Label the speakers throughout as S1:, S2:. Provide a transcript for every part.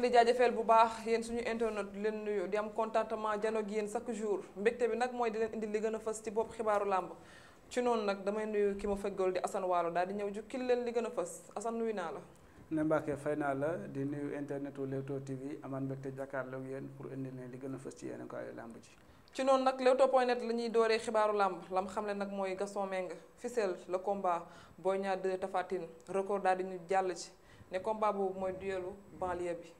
S1: di jaajëfeel bu baax yéen suñu internet leen nuyu di am contentement yéen chaque jour mbégte bi nag mooy di leen indi li gën a fës ci bopp xibaaru làmb ci noonu nag damay nuyu ki ma feggool di Assane Waalo daal di ñëw jukkil leen li gën a fës Assane naa la
S2: ne Mbacke fay naa la di nuyu internet wu Leewtoo TV amaan mbégte yéen pour indi leen li gën fës ci yéen ko ay làmb ji
S1: ci noonu nag Leewtoo point la ñuy dooree xibaaru làmb lam xam le nag mooy Gaston Mbengue ficelle la combat Boy ñaar 2 Tapha Tine record daal di ñu jàll ci ne combat boobu mooy duelu banlieue bi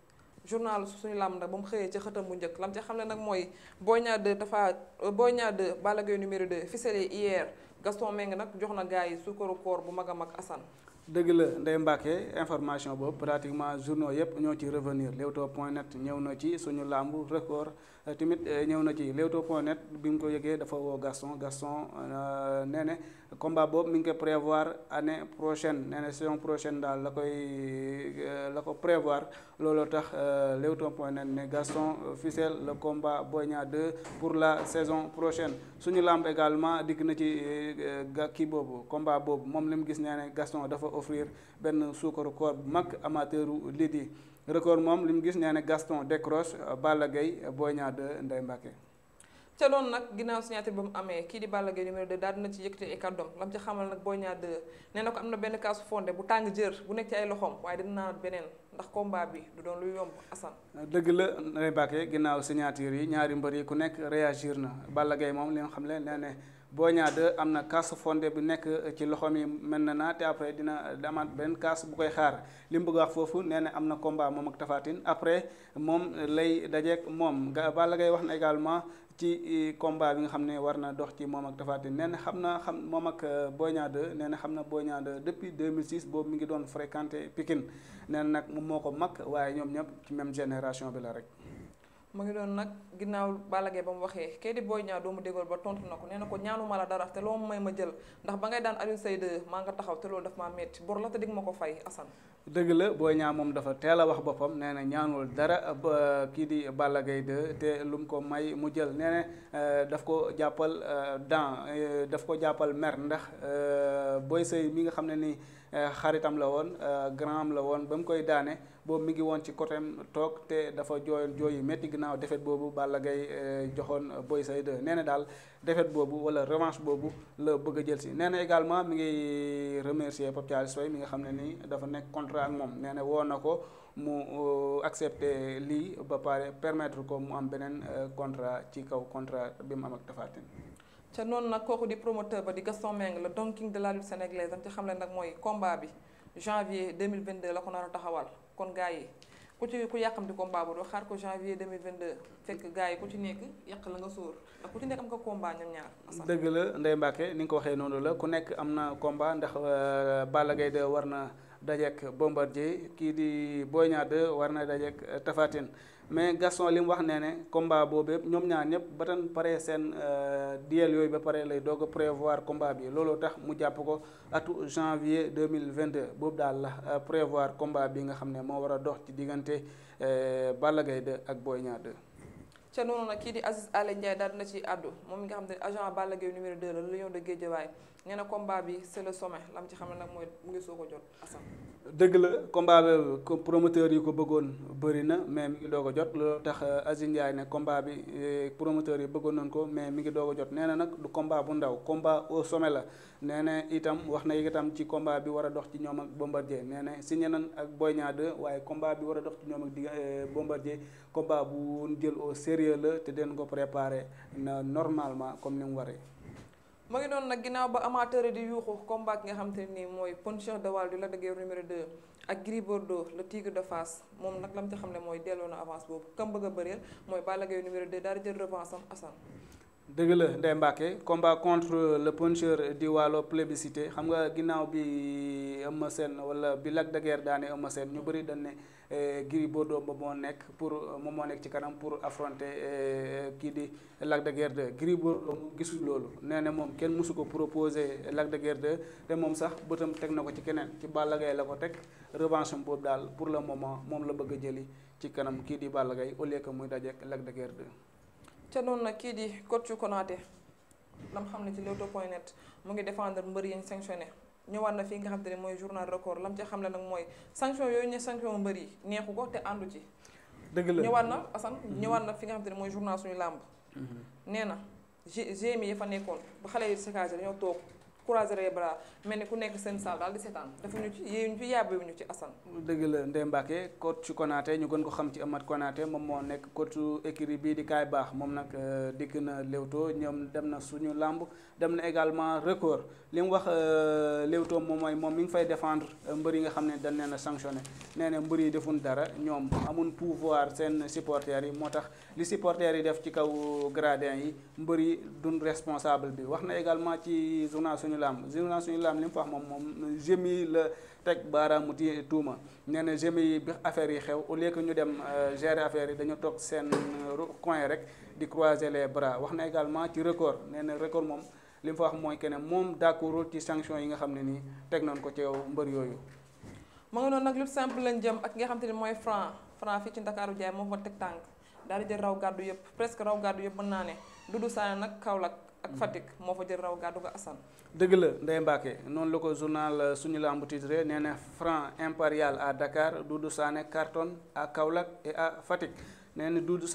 S1: journal suñu làmb nag ba mu xëyee ca xëtam bu njëkk lam ca xam ne nag mooy Boy Niang 2 Tapha euh, Boy Niang 2 Balla Gaye numéro 2 ficelé hier Gaston Meng nag jox na gars yi sukkaru koor bu mag a mag Assane
S2: dëgg la Ndeye Mbacke information boobu pratiquement journaux yëpp ñoo ci revenir Leewtoo point net ñëw na ci suñu làmb record euh, tamit euh, ñëw na ci Leewtoo point net bi mu ko yëgee dafa Gaston Gaston euh, nee ne combat boobu mi ngi ko prévoir année prochaine nee na saison prochaine daal la koy la ko prévoir looloo tax Leewtoo point net ne Gaston ficelle le combat Boy Niang pour la saison prochaine suñu làmb également dikk na ci kii boobu combat boobu moom li mu gis nee Gaston dafa. offrir benn suukaru koor bu mag amateur u lidi record moom li mu gis nee ne Gaston décroche euh, Balla Gaye euh, Boy Niang 2 Ndeye Mbacké
S1: ca loolu nag ginnaaw signature ba mu amee kii di Balla Gaye numéro 2 daal dina ci yëkkati ay kàddoom lam ci xamal nag Boy Niang 2 nee na ko am na benn kaasu fondé bu tàng jër bu nekk ci ay loxoom waaye dina naanat beneen ndax combat bi du doon luy yomb Assane
S2: dëgg la Ndeye Mbacké ginnaaw signature yi ñaari mbër yi ku nekk réagir na Balla Gaye moom li xam ne nee ne Boy Niang am na kaas fondé bu nekk euh, ci loxoom yi mel na naa te après dina amaat benn kaas bu koy xaar li mu bëgg wax foofu nee na am na combat moom ak tafaatin après moom lay dajeek moom ga Balla Gaye wax na également ci euh, combat bi nga xam ne war na dox ci moom ak Tapha Tine nee na xam na xam moom ak euh, Boy Niang 2 na xam na Boy Niang 2 depuis 2006 boobu mu ngi doon fréquenté Pikine neen nag moom moo ko mag waaye ñoom ñëpp ci même génération bi la rek.
S1: mu ngi doon nag ginnaaw Balla ba mu waxee kii di Boy Niang doomu déggoo ba tontu na ko nee na ko ñaanuma la dara te loo may ma jël ndax ba ngay daan Alioune Seye maa nga taxaw te loolu daf maa metti bor la te dig ma ko fay Assane
S2: dëgg la Boy Niang moom dafa teel a wax boppam nee na ñaanul dara ba kii di Balla Gaye 2 te lu mu ko may mu jël nee na euh, daf ko jàppal euh, dan euh, daf ko jàppal mer ndax Boy sëy mi nga xam ne ni xaritam la woon grand am la woon ba mu koy daane boobu mi ngi woon ci côté toog te dafa jooyoon jooy yu métti ginnaaw defet boobu Balla Gaye joxoon Boy Sey 2 nee na daal. défaite boobu wala revanche boobu la bëgg a jël si nee également mi ngi remercier Pape Thialis Faye mi nga xam ne nii dafa nekk contra ak moom nee na na ko mu euh, accepter lii ba pare permettre ko mu am beneen euh, contrat ci kaw contrat bi mu am
S1: ak Tapha Tine ca noonu nag kooku di promoteur ba di Gaston Meng le Don de la lutte sénégalaise am ci xam ne nag mooy combat bi janvier 2022 la ko nar a taxawal kon gars yi ku ci ku yàqamti combat bu doo xaar ko janvier 2022 fekk gars yi ku ci nekk yàq la nga sóor ndax ku ci nekk am combat ñoom ñaar.
S2: dëgg la Ndeye Mbacke ni nga ko waxee noonu la ku nekk am na combat ndax euh, Balla Gaye de war na. dajeek Bombardier kii di Boy Niang 2 war na dajeek euh, Tapha mais Gaston li mu wax nee ne combat boobu yëpp ñoom ñaar ñëpp ba tan pare seen euh, duel yooyu ba pare lay doog a prévoir combat bi looloo tax mu jàpp ko atu janvier 2022 boobu daal la euh, prévoir combat bi nga xam ne moo war a dox ci diggante Balla Gaye 2 ak Boy Niang 2
S1: ca noonu nag kii di Aziz Alé Ndiaye daal dina ci àddu moom mi nga xam ne agent Balla Gaye numéro 2 la Lion de Guédiawaye nee na combat bi c'est le sommet lam ci xam ne nag mooy mu ngi soo ko jot Assane
S2: dëgg la combat bi promoteur yi ko bëggoon bëri na mais mi ngi doog a jot loolu tax euh, Aziz Ndiaye ne combat bi euh, promoteur yi bëggoon nañ ko mais mi ngi doo a jot nee na nag du combat bu ndaw combat au sommet la nee na itam wax na itam ci combat bi war a dox ci ñoom ak Bombardier nee na signé ak Boy Niang waaye combat bi war a dox ci ñoom ak di euh, Bombardier combat bu jël au sérieux la te den ko préparé na normalement comme ni mu waree.
S1: ma ngi doon nag ginnaaw ba amateur di yuuxu combat nga xam te nii mooy Puncheur de Wal du Lac de numéro 2 ak Gris Bordeaux le tigre de Fass moom nag lam ci xam ne mooy delloo na avance boobu kam bëgg a bëreel mooy Balla Gaye numéro 2 daal di jël revanche am Assane
S2: dëgg la Ndeye Mbacke combat contre le puncheur di Waalo plébiscité xam nga ginnaaw bi Eumeu Sène wala bi Lac de Guiers daane Eumeu Sène ñu bëri dañ ne eh, Gris Bordeaux ba moo nekk pour euh, moom moo nekk ci kanam pour affronter eh, kii di Lac de Guiers 2 Gris Bordeaux mu gisul loolu nee na moom kenn mësu ko proposé Lac de Guiers te moom sax bëtam teg na ko ci keneen ci Balla gay la ko teg revention am boobu daal pour le moment moom la bëgg a jëli ci kanam kii di Balla Gaye au lieu que muy dajeek Lac de Guiers
S1: te noonu nag kii di coach Konaté lam xam ne ci Leewtoo point net mu ngi défendre mbër yi ñu sanctionné ñëwaat na fii nga xam te ne mooy journal record lam ca xam ne nag mooy sanction yooyu ñu sanction mbër neexu ko te àndu ci.
S2: dëgg la ñëwaat na Assane mhm. ñëwaat na fi
S1: nga xam te ne mooy journal suñu làmb. Mhm. nee na GMI e yi fa nekkoon ba xale yi saccagé dañoo toog. croiser les bras mel ni ku nekk seen saal daal di seetaan dafa ñu ci yéeyuñu ci yàbbiwuñu ci Assane
S2: dëgg la Ndeye Mbacke coach Konaté ñu gën ko xam ci Amath Konaté moom moo nekk coach écurie bii di kaay baax moom nag euh, dikk na Leewtoo ñoom dem na suñu làmb dem na également record li mu wax euh, Leewtoo moom mooy moom mi ngi fay défendre euh, mbër yi nga xam ne dañ leen a sanctionné nee na mbër yi defuñ dara ñoom amun pouvoir seen supporters yi moo tax li supporters yi def ci kaw gradin yi mbër yi duñ responsable suñu làmb journal suñu làmb li mu fa wax moom moom GMI la teg baaraamu ti tuuma nee na bi affaire yi xew au lieu que ñu dem euh, gérer affaire yi dañu toog seen euh, coin rek di croiser les bras wax na également ci record nee na record moom li mu fa wax mooy que moom d'accordul ci sanction yi nga xam ne nii teg nañ ko ci mbër yooyu.
S1: ma nga noonu nag lépp simple lañ jëm ak nga xam te ne mooy franc franc fii ci Ndakaaru jaay moo fa teg tànk daal di jël raw gàddu ak Fatick moo fa jël raw gàddu ko Assane.
S2: dëgg la Ndeye Mbacke noonu la ko journal euh, suñu lambu titré nee na franc impérial à Dakar Doudou Sané carton à Kaolack et à Fatick nee na Doudou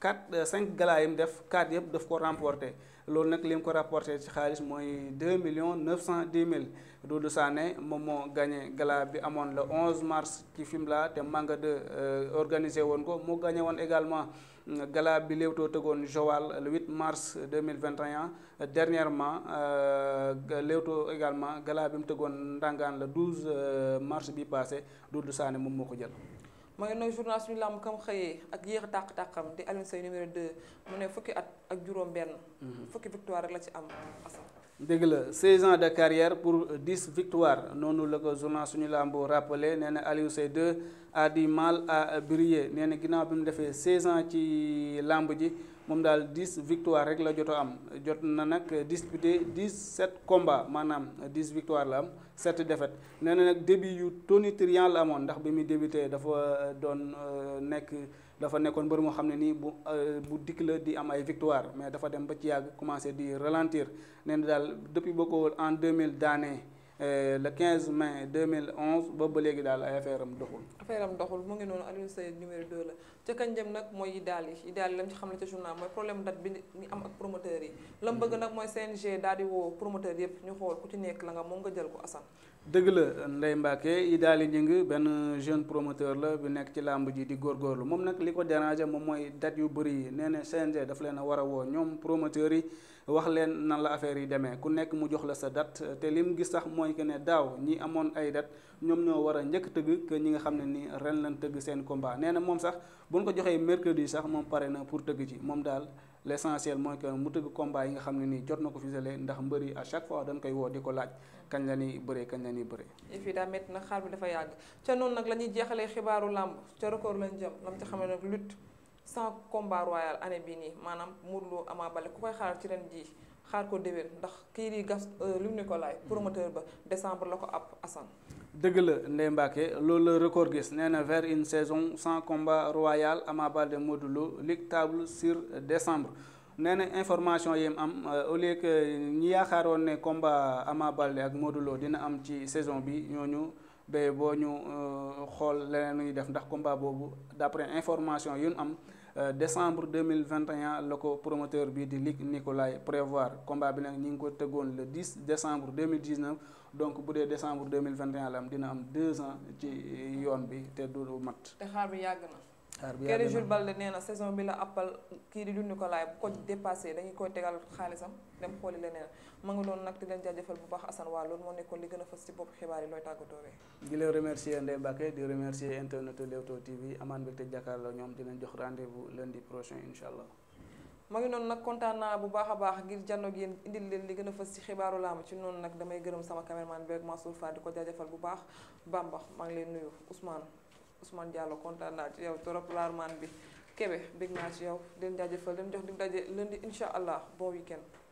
S2: quatre euh, cinq gala yi mu def quatre yëpp daf ko remporté loolu nag li mu ko rapporté ci xaalis mooy deux millions neuf cent dix mille Doudou Sané moom moo gagné gala bi amoon le onze mars ci la te Manga 2 euh, organisé woon ko moo gagné woon également euh, gala bi Leewtoo tëggoon Joal le 8 mars 2021 dernièrement Leewtoo également gala bi mu tëggoon Ndangaan le 12 mars bi passé Doudou Sané moom moo ko jël
S1: ma ngi nuyu journal suñu làmb kam xëyee ak yéex a tàq-tàqam di Alioune Seye numéro 2 mu ne fukki at ak juróom-benn. Mhm. fukki victoire rek la ci am Assane.
S2: dëgg la 16 ans de carrière pour 10 victoires noonu la ko journal suñu làmb rappelé nee na Alioune Seye 2 a du mal à briller nee na ginnaaw bi mu defee 16 ans ci làmb ji. moom daal dix victoire rek la joto am jot na nag disputé dix sept combats maanaam dix victoire la am sept défaites nee na nag début yu tonitruant la amoon ndax bi muy débuté dafa euh, doon euh, nekk dafa nekkoon mbër moo xam ne nii bu euh, bu dikk la di am ay victoire mais dafa dem ba ci yàgg commencé di ralentir nee daal depuis boo ko en mille daanee Euh, le deux mille 2011 ba ba léegi daal ay affaire am doxul.
S1: affaire am doxul mu ngi noonu Alioune Seye numéro 2 la ca kañ nag mooy yi daal la mu ci xam ne ca journal mooy problème date bi ñu am ak promoteur yi. la mu bëgg nag mooy CNG daal di woo promoteur yëpp ñu xool ku ci nekk la nga moom nga jël ko Assane.
S2: dëgg la Ndeye Mbacke yi daal yi njëng benn jeune promoteur la bu nekk ci làmb ji di góorgóorlu moom nag li ko déranger moom mooy date yu bëri nee na CNG daf leen a war a woo ñoom promoteurs yi. wax leen nan la affaire yi demee ku nekk mu jox la sa date te lim gis sax mooy que ne daaw ñi amoon ay date ñoom ñoo war njëkk tëgg que ñi nga xam ne ni ren lan tëgg seen combat nee na moom sax bu ko joxee mercredi sax moom pare na pour tëgg ci moom daal l' essentiel mooy que mu tëgg combat yi nga xam ne nii jot na ko fiselé ndax mbër yi à chaque fois dañ koy woo di ko laaj kañ la ñuy bëree kañ la ñuy bëree.
S1: et daa métti na xaar bi dafa yàgg ca noonu nag la ñuy jeexalee xibaaru làmb ca record lañ jëm lam ca xam ne nag lutte sans combat royal année bii nii maanaam Modou Lo Ama ku koy xaar ci ren jii xaar ko déwén ndax kii di gas euh, Luc Nicolaï promoteur ba décembre la ko ab Assane.
S2: dëgg la Ndeye Mbacke loolu la record gis nee na vers une saison sans combat royal Ama Baldé moduloo Lo lig table sur décembre. nee na information yi am euh, au lieu que ñi yaakaaroon ne combat Ama Baldé ak Modou dina am ci saison bi ñooñu ba boo ñu euh, xool leneen lu def ndax combat boobu d'après information yu am. Euh, décembre deux mille vingt et un la ko promoteur bii di Luc Nicolaï prévoir combat bi nag ñi ngi ko tegoon le dix décembre deux mille dix-neuf donc bu dee décembre deux mille vingt et un la am dina am deux ans ci yoon bi te du mat.
S1: te xaar bi yàgg na.
S2: xaar bi yàgg na Jules
S1: Balde nee na saison bi la appal kii di du Nicolaï bu ko dépassé dañu koy tegal xaalisam dem xooli leneen. man ngi loolu nag di leen jaajëfal bu baax Assane waa loolu moo nekkoon li gën a fës ci bopp xibaar yi looy tàggatoowee
S2: di leen remercier Ndeye Mbacke di remercier internet Leewtoo TV leen jox rendez-vous lundi prochain incha allah
S1: ma ngi noonu nag kontaan naa bu baax a baax ngir jànnoog yéen indi leen li gën a fas ci xibaaru laam ci noonu nag damay gërëm sama caméraman beeg Mansour Fall di ko jaajëfal bu baax Bamba maa ngi leen nuyu Ousmane Ousmane Diallo kontaan naa ci yow trop laarmaan bi Kébé bég naa ci yow leen jaajëfal leen jox dig daje lundi incha allah boo week-end